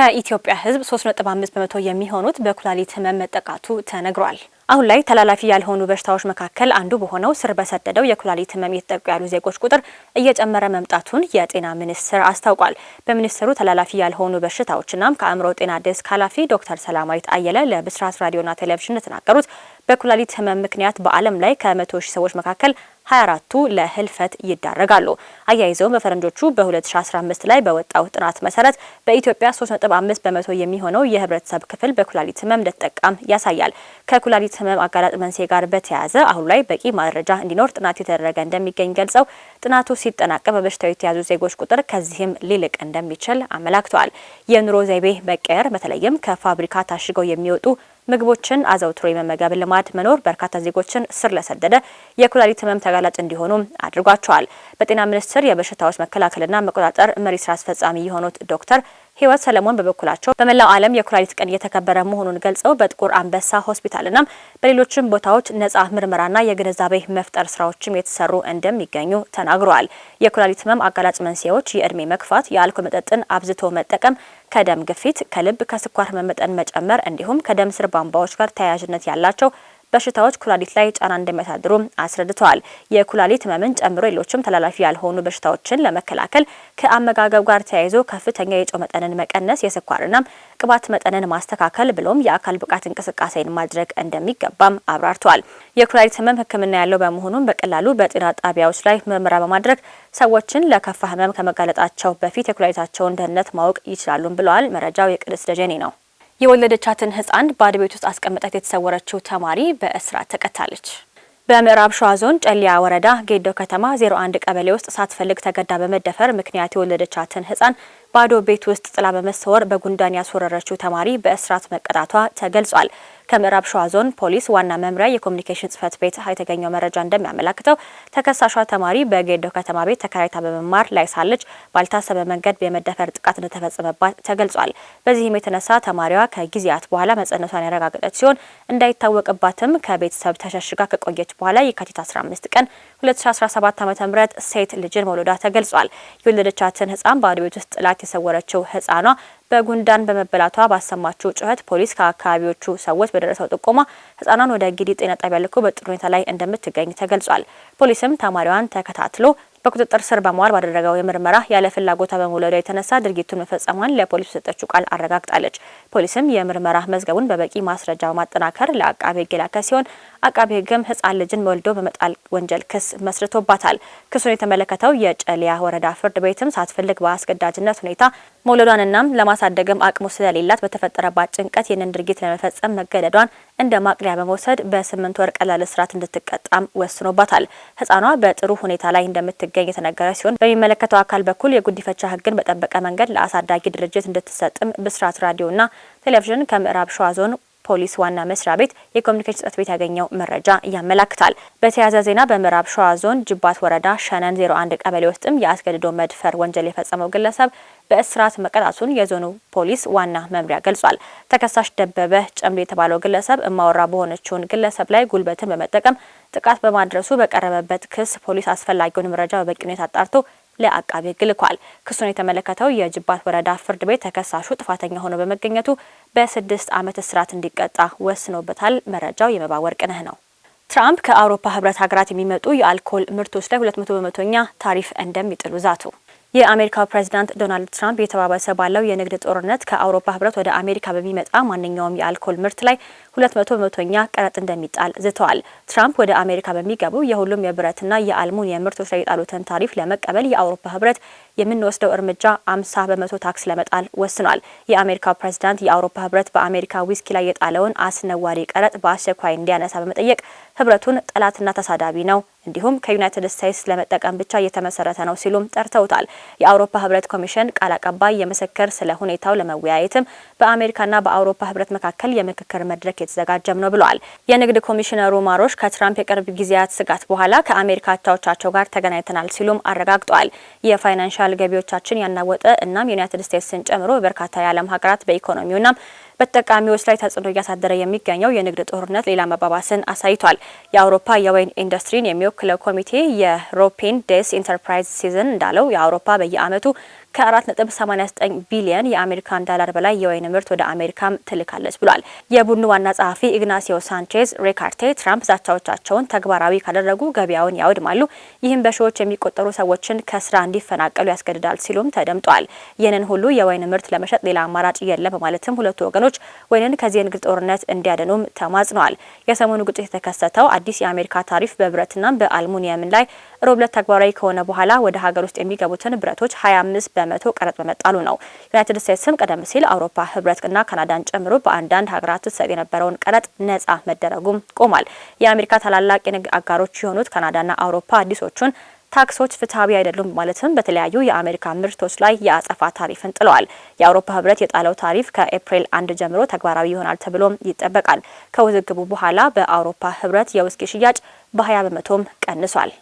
ከኢትዮጵያ ሕዝብ 3.5 በመቶ የሚሆኑት በኩላሊት ህመም መጠቃቱ ተነግሯል። አሁን ላይ ተላላፊ ያልሆኑ በሽታዎች መካከል አንዱ በሆነው ስር በሰደደው የኩላሊት ህመም የተጠቁ ያሉ ዜጎች ቁጥር እየጨመረ መምጣቱን የጤና ሚኒስቴር አስታውቋል። በሚኒስቴሩ ተላላፊ ያልሆኑ በሽታዎችናም ከአእምሮ ጤና ዴስክ ኃላፊ ዶክተር ሰላማዊት አየለ ለብስራት ራዲዮና ቴሌቪዥን የተናገሩት በኩላሊት ህመም ምክንያት በዓለም ላይ ከመቶ ሺህ ሰዎች መካከል 24ቱ ለህልፈት ይዳረጋሉ። አያይዘውም በፈረንጆቹ በ2015 ላይ በወጣው ጥናት መሰረት በኢትዮጵያ 3.5 በመቶ የሚሆነው የህብረተሰብ ክፍል በኩላሊት ህመም እንደተጠቃም ያሳያል። ከኩላሊት ህመም አጋላጭ መንስኤ ጋር በተያያዘ አሁን ላይ በቂ መረጃ እንዲኖር ጥናት የተደረገ እንደሚገኝ ገልጸው ጥናቱ ሲጠናቀቅ በበሽታው የተያዙ ዜጎች ቁጥር ከዚህም ሊልቅ እንደሚችል አመላክተዋል። የኑሮ ዘይቤ መቀየር በተለይም ከፋብሪካ ታሽገው የሚወጡ ምግቦችን አዘውትሮ የመመገብ ልማድ መኖር በርካታ ዜጎችን ስር ለሰደደ የኩላሊት ህመም ተጋላጭ እንዲሆኑ አድርጓቸዋል። በጤና ሚኒስቴር የበሽታዎች መከላከልና መቆጣጠር መሪ ስራ አስፈጻሚ የሆኑት ዶክተር ህይወት ሰለሞን በበኩላቸው በመላው ዓለም የኩላሊት ቀን እየተከበረ መሆኑን ገልጸው በጥቁር አንበሳ ሆስፒታልና በሌሎችም ቦታዎች ነጻ ምርመራና የግንዛቤ መፍጠር ስራዎችም የተሰሩ እንደሚገኙ ተናግረዋል። የኩላሊት ህመም አጋላጭ መንስኤዎች የእድሜ መግፋት፣ የአልኮል መጠጥን አብዝቶ መጠቀም ከደም ግፊት፣ ከልብ፣ ከስኳር ህመም መጠን መጨመር እንዲሁም ከደም ስር ቧንቧዎች ጋር ተያያዥነት ያላቸው በሽታዎች ኩላሊት ላይ ጫና እንደሚያሳድሩ አስረድተዋል። የኩላሊት ህመምን ጨምሮ ሌሎችም ተላላፊ ያልሆኑ በሽታዎችን ለመከላከል ከአመጋገብ ጋር ተያይዞ ከፍተኛ የጨው መጠንን መቀነስ፣ የስኳርና ቅባት መጠንን ማስተካከል ብሎም የአካል ብቃት እንቅስቃሴን ማድረግ እንደሚገባም አብራርተዋል። የኩላሊት ህመም ህክምና ያለው በመሆኑም በቀላሉ በጤና ጣቢያዎች ላይ ምርመራ በማድረግ ሰዎችን ለከፋ ህመም ከመጋለጣቸው በፊት የኩላሊታቸውን ደህንነት ማወቅ ይችላሉም ብለዋል። መረጃው የቅድስ ደጀኔ ነው። የወለደቻትን ህፃን ባድ ቤት ውስጥ አስቀምጣት የተሰወረችው ተማሪ በእስራት ተቀጣለች። በምዕራብ ሸዋ ዞን ጨሊያ ወረዳ ጌዶ ከተማ 01 ቀበሌ ውስጥ ሳትፈልግ ተገዳ በመደፈር ምክንያት የወለደቻትን ህፃን ባዶ ቤት ውስጥ ጥላ በመሰወር በጉንዳን ያስወረረችው ተማሪ በእስራት መቀጣቷ ተገልጿል። ከምዕራብ ሸዋ ዞን ፖሊስ ዋና መምሪያ የኮሚኒኬሽን ጽህፈት ቤት የተገኘው መረጃ እንደሚያመላክተው ተከሳሿ ተማሪ በጌዶ ከተማ ቤት ተከራይታ በመማር ላይ ሳለች ባልታሰበ መንገድ የመደፈር ጥቃት እንደተፈጸመባት ተገልጿል። በዚህም የተነሳ ተማሪዋ ከጊዜያት በኋላ መጸነቷን ያረጋገጠች ሲሆን እንዳይታወቅባትም ከቤተሰብ ተሸሽጋ ከቆየች በኋላ የካቲት 15 ቀን 2017 ም ሴት ልጅን መውለዷ ተገልጿል። የወለደቻትን ህፃን በአንድ ቤት ውስጥ ጥላት የሰወረችው ህፃኗ በጉንዳን በመበላቷ ባሰማችው ጩኸት ፖሊስ ከአካባቢዎቹ ሰዎች በደረሰው ጥቆማ ህጻኗን ወደ ጊዲ ጤና ጣቢያ ልኮ በጥሩ ሁኔታ ላይ እንደምትገኝ ተገልጿል። ፖሊስም ተማሪዋን ተከታትሎ በቁጥጥር ስር በመዋል ባደረገው የምርመራ ያለ ፍላጎቷ በመውለዷ የተነሳ ድርጊቱን መፈጸሟን ለፖሊስ በሰጠችው ቃል አረጋግጣለች። ፖሊስም የምርመራ መዝገቡን በበቂ ማስረጃ በማጠናከር ለአቃቤ ሕግ የላከ ሲሆን አቃቤ ሕግም ሕጻን ልጅን መወልዶ በመጣል ወንጀል ክስ መስርቶባታል። ክሱን የተመለከተው የጨሊያ ወረዳ ፍርድ ቤትም ሳትፈልግ በአስገዳጅነት ሁኔታ መውለዷንናም ለማሳደግም አቅሙ ስለሌላት በተፈጠረባት ጭንቀት ይህንን ድርጊት ለመፈጸም መገደዷን እንደ ማቅለያ በመውሰድ በስምንት ወር ቀላል እስራት እንድትቀጣም ወስኖባታል። ሕጻኗ በጥሩ ሁኔታ ላይ እንደምት እንደምትገኝ የተነገረ ሲሆን በሚመለከተው አካል በኩል የጉዲፈቻ ህግን በጠበቀ መንገድ ለአሳዳጊ ድርጅት እንድትሰጥም ብስራት ራዲዮና ቴሌቪዥን ከምዕራብ ሸዋ ዞን ፖሊስ ዋና መስሪያ ቤት የኮሚኒኬሽን ጽሕፈት ቤት ያገኘው መረጃ ያመላክታል። በተያያዘ ዜና በምዕራብ ሸዋ ዞን ጅባት ወረዳ ሸነን 01 ቀበሌ ውስጥም የአስገድዶ መድፈር ወንጀል የፈጸመው ግለሰብ በእስራት መቀጣቱን የዞኑ ፖሊስ ዋና መምሪያ ገልጿል። ተከሳሽ ደበበ ጨምዶ የተባለው ግለሰብ እማወራ በሆነችውን ግለሰብ ላይ ጉልበትን በመጠቀም ጥቃት በማድረሱ በቀረበበት ክስ ፖሊስ አስፈላጊውን መረጃ በበቂ ሁኔታ አጣርቶ ለአቃቤ ሕግ ልኳል። ክሱን የተመለከተው የጅባት ወረዳ ፍርድ ቤት ተከሳሹ ጥፋተኛ ሆኖ በመገኘቱ በስድስት ዓመት እስራት እንዲቀጣ ወስኖበታል። መረጃው የመባ ወርቅነህ ነው። ትራምፕ ከአውሮፓ ህብረት ሀገራት የሚመጡ የአልኮል ምርቶች ላይ መቶ በመቶኛ ታሪፍ እንደሚጥሉ ዛቱ። የአሜሪካው ፕሬዚዳንት ዶናልድ ትራምፕ የተባባሰ ባለው የንግድ ጦርነት ከአውሮፓ ህብረት ወደ አሜሪካ በሚመጣ ማንኛውም የአልኮል ምርት ላይ መቶ በመቶኛ ቀረጥ እንደሚጣል ዝተዋል። ትራምፕ ወደ አሜሪካ በሚገቡ የሁሉም የብረትና የአልሙኒየም ምርቶች ላይ የጣሉትን ታሪፍ ለመቀበል የአውሮፓ ህብረት የምንወስደው እርምጃ አምሳ በመቶ ታክስ ለመጣል ወስኗል። የአሜሪካው ፕሬዚዳንት የአውሮፓ ህብረት በአሜሪካ ዊስኪ ላይ የጣለውን አስነዋሪ ቀረጥ በአስቸኳይ እንዲያነሳ በመጠየቅ ህብረቱን ጠላትና ተሳዳቢ ነው እንዲሁም ከዩናይትድ ስቴትስ ለመጠቀም ብቻ እየተመሰረተ ነው ሲሉም ጠርተውታል። የአውሮፓ ህብረት ኮሚሽን ቃል አቀባይ የምስክር ስለ ሁኔታው ለመወያየትም በአሜሪካና በአውሮፓ ህብረት መካከል የምክክር መድረክ የተዘጋጀም ነው ብለዋል። የንግድ ኮሚሽነሩ ማሮሽ ከትራምፕ የቅርብ ጊዜያት ስጋት በኋላ ከአሜሪካ አቻዎቻቸው ጋር ተገናኝተናል ሲሉም አረጋግጠዋል። የፋይናንሻል ናሽናል ገቢዎቻችን ያናወጠ እናም ዩናይትድ ስቴትስን ጨምሮ በርካታ የዓለም ሀገራት በኢኮኖሚውና በተጠቃሚዎች ላይ ተጽዕኖ እያሳደረ የሚገኘው የንግድ ጦርነት ሌላ መባባስን አሳይቷል። የአውሮፓ የወይን ኢንዱስትሪን የሚወክለው ኮሚቴ የሮፔን ዴስ ኢንተርፕራይዝ ሲዝን እንዳለው የአውሮፓ በየዓመቱ ከ4.89 ቢሊዮን የአሜሪካን ዳላር በላይ የወይን ምርት ወደ አሜሪካም ትልካለች ብሏል። የቡድኑ ዋና ጸሐፊ ኢግናሲዮ ሳንቼዝ ሬካርቴ ትራምፕ ዛቻዎቻቸውን ተግባራዊ ካደረጉ ገበያውን ያወድማሉ፣ ይህም በሺዎች የሚቆጠሩ ሰዎችን ከስራ እንዲፈናቀሉ ያስገድዳል ሲሉም ተደምጧል። ይህንን ሁሉ የወይን ምርት ለመሸጥ ሌላ አማራጭ የለም በማለትም ሁለቱ ወገኖች ወይንን ከዚህ የንግድ ጦርነት እንዲያደኑም ተማጽነዋል። የሰሞኑ ግጭት የተከሰተው አዲስ የአሜሪካ ታሪፍ በብረትና በአልሙኒየም ላይ ሮብለት ተግባራዊ ከሆነ በኋላ ወደ ሀገር ውስጥ የሚገቡትን ብረቶች 25 በመቶ ቀረጥ በመጣሉ ነው። ዩናይትድ ስቴትስም ቀደም ሲል አውሮፓ ህብረትና ካናዳን ጨምሮ በአንዳንድ ሀገራት ትሰጥ የነበረውን ቀረጥ ነጻ መደረጉም ቆሟል። የአሜሪካ ታላላቅ የንግድ አጋሮች የሆኑት ካናዳና አውሮፓ አዲሶቹን ታክሶች ፍትሐዊ አይደሉም ማለትም በተለያዩ የአሜሪካ ምርቶች ላይ የአጸፋ ታሪፍን ጥለዋል። የአውሮፓ ህብረት የጣለው ታሪፍ ከኤፕሪል አንድ ጀምሮ ተግባራዊ ይሆናል ተብሎም ይጠበቃል። ከውዝግቡ በኋላ በአውሮፓ ህብረት የውስኪ ሽያጭ በ20 በመቶም ቀንሷል።